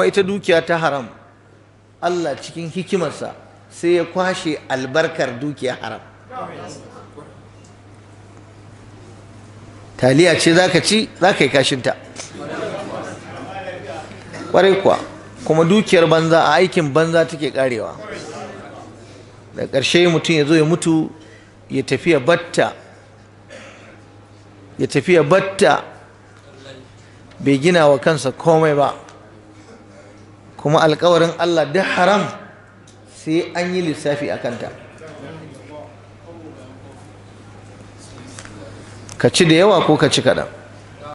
kuma ita dukiya ta haram Allah cikin hikimarsa sai ya kwashe albarkar dukiya haram taliya ce za ka ci za ka yi kashinta ƙwarai kuwa kuma dukiyar banza a aikin banza take karewa da ƙarshe mutum ya zo ya mutu ya tafiya batta ya tafiya batta bai gina wa kansa komai ba kuma alkawarin Allah duk haram sai an yi lissafi a kanta ka ci da yawa ko ka ci kaɗan